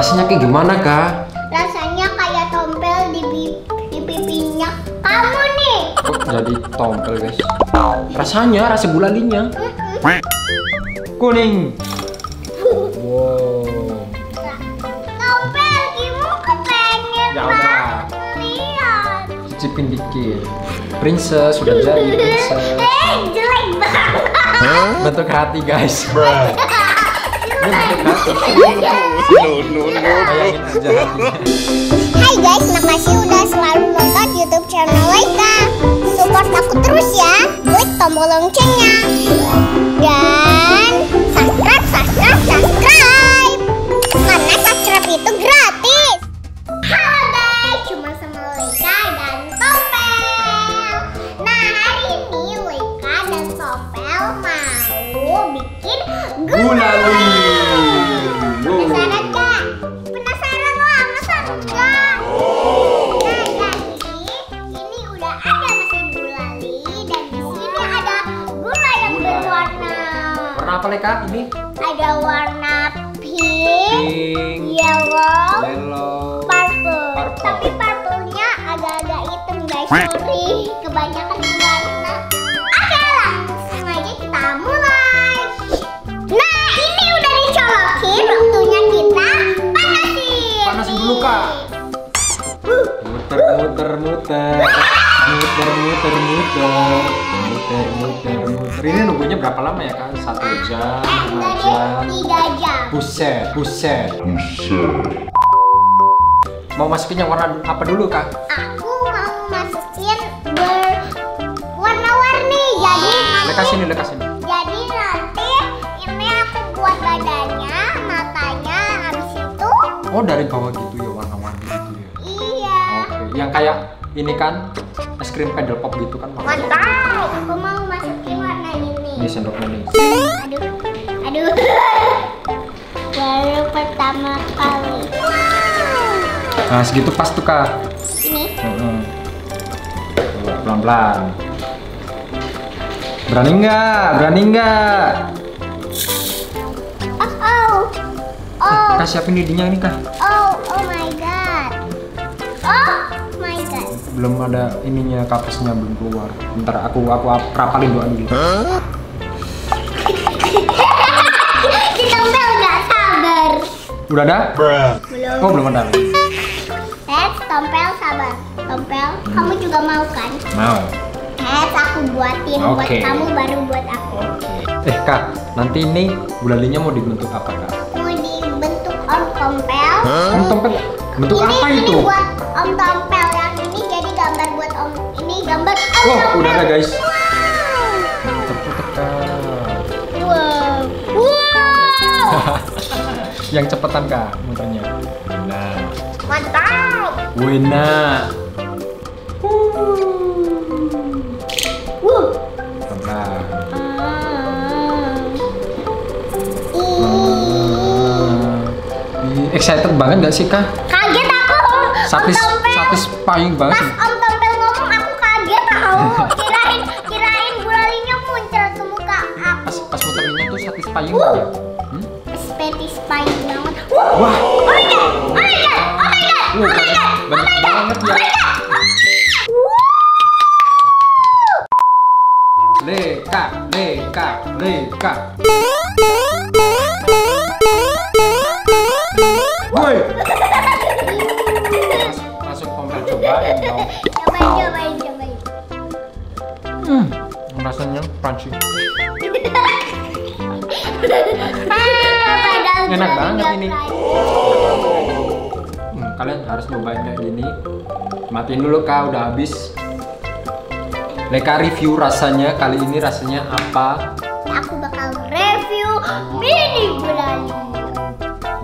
Rasanya kayak gimana, Kak? Rasanya kayak tompel di, di pipinya kamu nih. Oh, jadi tompel, guys. Rasanya rasa gulalinya. Mm -mm. Kuning. wow. kamu kepengen ya dikit. Princess sudah jadi princess. Eh, jelek banget. Bentuk hati, guys. Bro. Hai guys, makasih udah selalu nonton YouTube channel Leika. Support aku terus ya, klik tombol loncengnya dan subscribe, subscribe, subscribe. Karena subscribe itu gratis. ada warna pink, pink yellow, yellow purple. purple. Tapi purple-nya agak-agak hitam guys. Sorry, kebanyakan warna. Oke, langsung aja kita mulai. Nah, ini udah dicolokin, waktunya kita panasin. Panasin dulu, Kak. Muter-muter-muter. Uh muter muter muter muter muter muter ini nunggunya berapa lama ya kan satu jam ah, dua jam tiga jam buset buset buset mau masukin yang warna apa dulu kak aku mau masukin berwarna-warni jadi lekas sini lekas sini jadi nanti ini aku buat badannya matanya habis itu oh dari bawah gitu ya warna-warni gitu ya iya oke okay. yang kayak ini kan es krim pedal pop gitu kan mantap aku mau masukin warna ini ini sendok nih aduh aduh baru pertama kali wow. nah segitu pas tuh kak ini pelan-pelan berani nggak berani nggak oh, oh. Oh. Eh, kak siapin lidinya ini kak oh oh my god oh belum ada ininya kapasnya belum keluar ntar aku aku rapalin doang dulu gitu. kita udah nggak sabar udah ada belum oh belum ada eh tompel sabar tompel hmm. kamu juga mau kan mau eh aku buatin okay. buat kamu baru buat aku okay. eh kak nanti ini bulannya mau dibentuk apa kak mau dibentuk om tompel huh? om tompel bentuk ini, apa itu ini buat om tompel Wow, udara guys. yang cepetan kak muternya. Nah. Mantap. Wina. Wow. Tenang. Excited banget gak sih kak? Kaget aku. Satis, paling banget. Pas om petis uh. aja. Hmm? Petis banget. Wah. Wah. Oh my god. Oh my god. Oh my god. Oh my god. Oh my god. god, ya. oh my god. Leka, leka, leka. Woi. Langsung kompel cobain dong. Cobain, cobain, cobain. Hmm, rasanya crunchy. enak banget ini hmm, kalian harus nyobain kayak gini matiin dulu kak udah habis Leka review rasanya kali ini rasanya apa? Aku bakal review mini gulali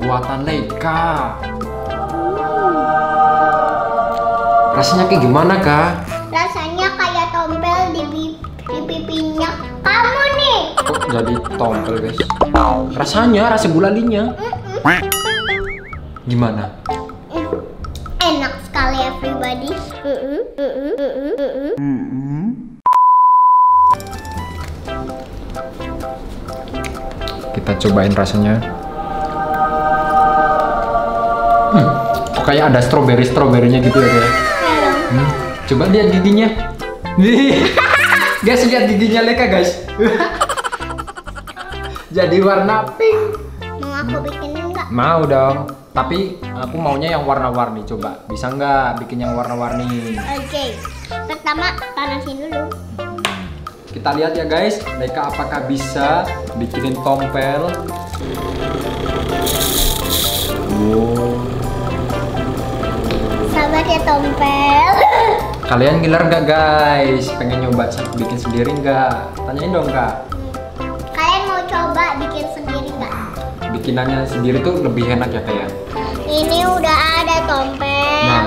buatan Leka. Rasanya kayak gimana kak? jadi tompel guys rasanya rasa gulalinya gimana eh, enak sekali everybody kita cobain rasanya hmm, kayak ada stroberi stroberinya gitu ya iya guys hmm, coba lihat giginya Guys lihat giginya Leka guys jadi oh. warna pink. Mau aku bikinin enggak Mau dong. Tapi aku maunya yang warna-warni. Coba bisa nggak bikin yang warna-warni? Oke. Okay. Pertama panasin dulu. Kita lihat ya guys, mereka apakah bisa bikinin tompel. Wow. Sabar ya tompel. Kalian giler nggak guys? Pengen nyoba bikin sendiri nggak? Tanyain dong kak. bikinannya sendiri tuh lebih enak ya kayak ini udah ada tompel nah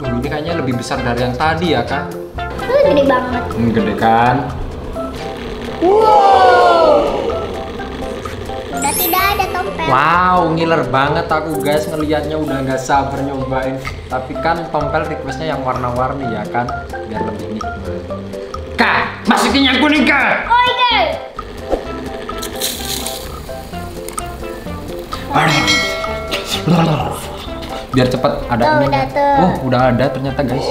oh, ini kayaknya lebih besar dari yang tadi ya kak ini oh, gede banget hmm, gede kan wow udah tidak ada tompel wow ngiler banget aku guys ngelihatnya udah nggak sabar nyobain tapi kan tompel requestnya yang warna-warni ya kan biar lebih nikmat kak masukin yang kuning kak oh, okay. Iya. biar cepat ada udah oh udah ada ternyata guys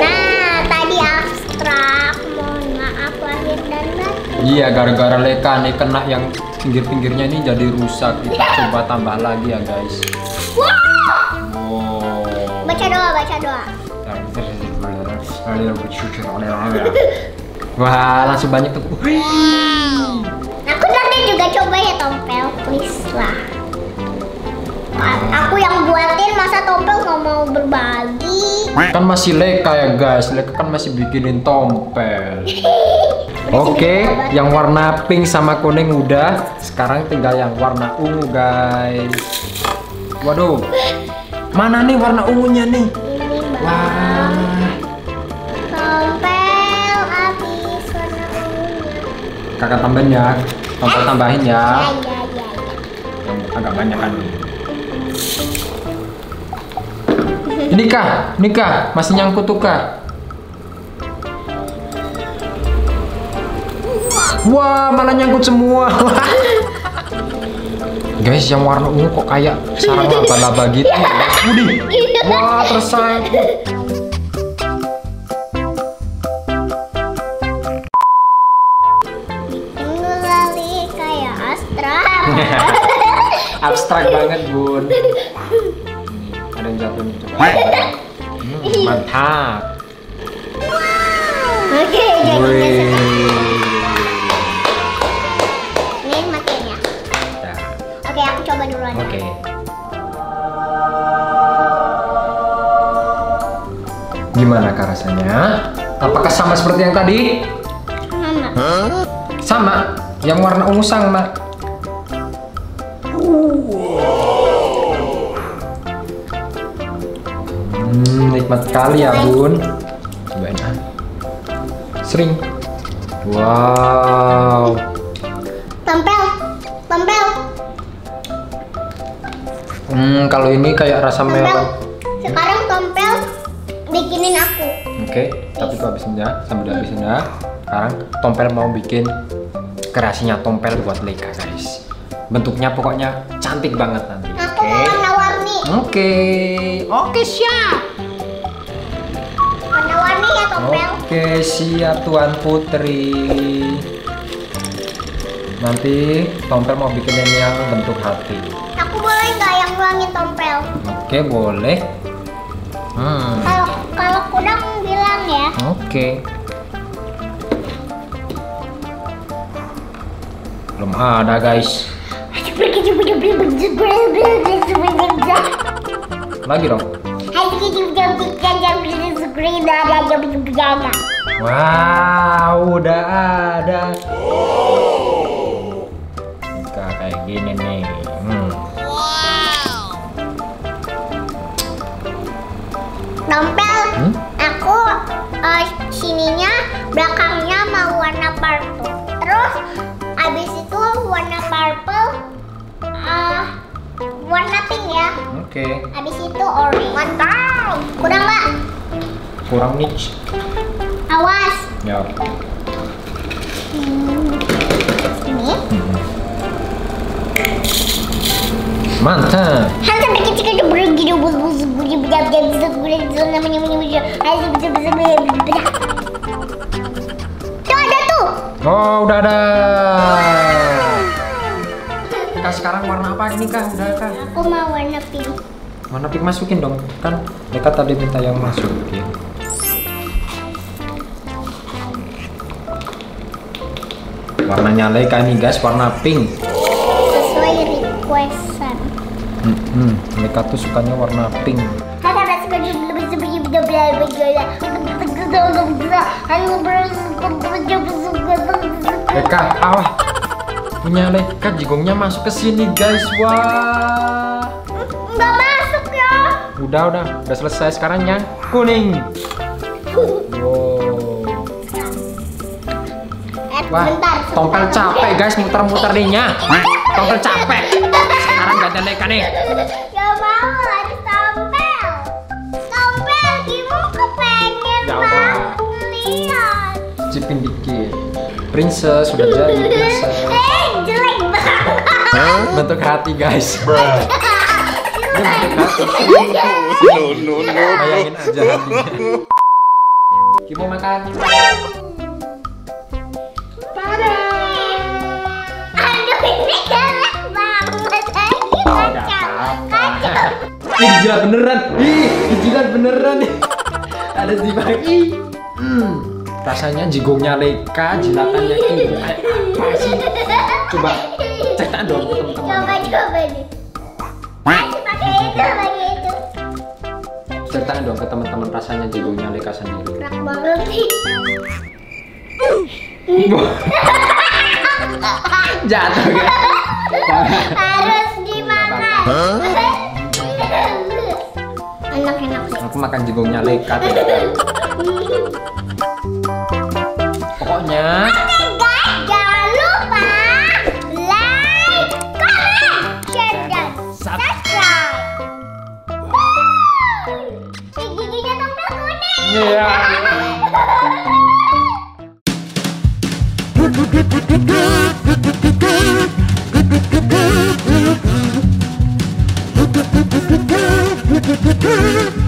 nah tadi abstrak mohon maaf lahir dan batin iya gara-gara leka nih kena yang pinggir-pinggirnya ini jadi rusak kita iya. coba tambah lagi ya guys wow. baca doa baca doa Wah, langsung banyak tuh. Aku nanti juga coba ya tompel, please lah. Aku yang buatin masa topeng nggak mau berbagi. Kan masih Leka ya guys. Leka kan masih bikinin tompel. Oke, okay, yang warna pink sama kuning udah. Sekarang tinggal yang warna ungu guys. Waduh. Mana nih warna ungunya nih? Wah. Kakak tambahin ya. Tompel eh. tambahin ya. Ya, ya, ya. agak banyak kan. nikah nikah masih nyangkut tuh wah malah nyangkut semua guys yang warna ungu kok kayak sarang laba-laba gitu Budi ya? wah tersangkut kayak abstrak banget bun dapur hmm, mantap wow. oke jadi ini makainya nah. oke aku coba dulu oke okay. Gimana kak rasanya? Apakah sama seperti yang tadi? Sama. Huh? Sama. Yang warna ungu sama. nikmat sekali ya bun cobain ah sering wow tempel tempel hmm kalau ini kayak rasa tempel. melon sekarang tempel bikinin aku oke okay, tapi tuh habisin ya sambil hmm. habisin ya sekarang tompel mau bikin kreasinya tompel buat Leika, guys bentuknya pokoknya cantik banget nanti oke okay? warna-warni oke okay. oke okay, siap Oke, siap Tuan Putri. Nanti Tompel mau bikinin yang bentuk hati. Aku boleh nggak yang nuangin Tompel? Oke, boleh. Hmm. Kalau kalau bilang ya. Oke. Belum ada guys. Lagi dong. Wow, udah ada. Buka kayak gini nih. Hmm. Wow. Tempel, hmm? aku uh, sininya belakangnya mau warna purple. Terus Oke. Okay. Habis itu orange. Mantap. Kurang nggak? Kurang nih. Awas. Ya. Hmm. Ini. Mantap. Hantar bikin cikir ke burung gitu bus bus bus bus bus bus namanya namanya ayo bisa bisa bisa Tuh ada tuh. Oh udah ada. Kak sekarang warna apa ini kak? Udah kak. Aku mau warna pink. Mana pik masukin dong? Kan mereka tadi minta yang masukin. Warnanya leka ini guys, warna pink. Sesuai requestan. Hmm, hmm. tuh sukanya warna pink. Leka, awah punya Leka jigongnya masuk ke sini guys, wah. Wow. Udah, udah, udah selesai. Sekarang yang kuning. Wow. Eh, Wah, tongkel capek guys muter-muter ninya. Tongkel capek. Sekarang gantian Eka nih. Gak mau lagi tompel. Ya lihat. Cipin dikit. Princess sudah jadi princess. Eh, jelek banget. Bentuk hati guys. Bro no no no. Bayangin aja. makan. Tada. Aduh ini galak banget lagi kacau kacau. Ih beneran. Ih jilat beneran. Ada si Bagi. Hmm, rasanya jigongnya Leka, jilatannya ini. Apa sih? Coba ceritain dong Coba coba nih itu ceritain dong ke teman-teman rasanya jagonya Leka sendiri enak banget sih jatuh kan harus dimakan enak enak sih. aku makan jagungnya Leka pokoknya Good.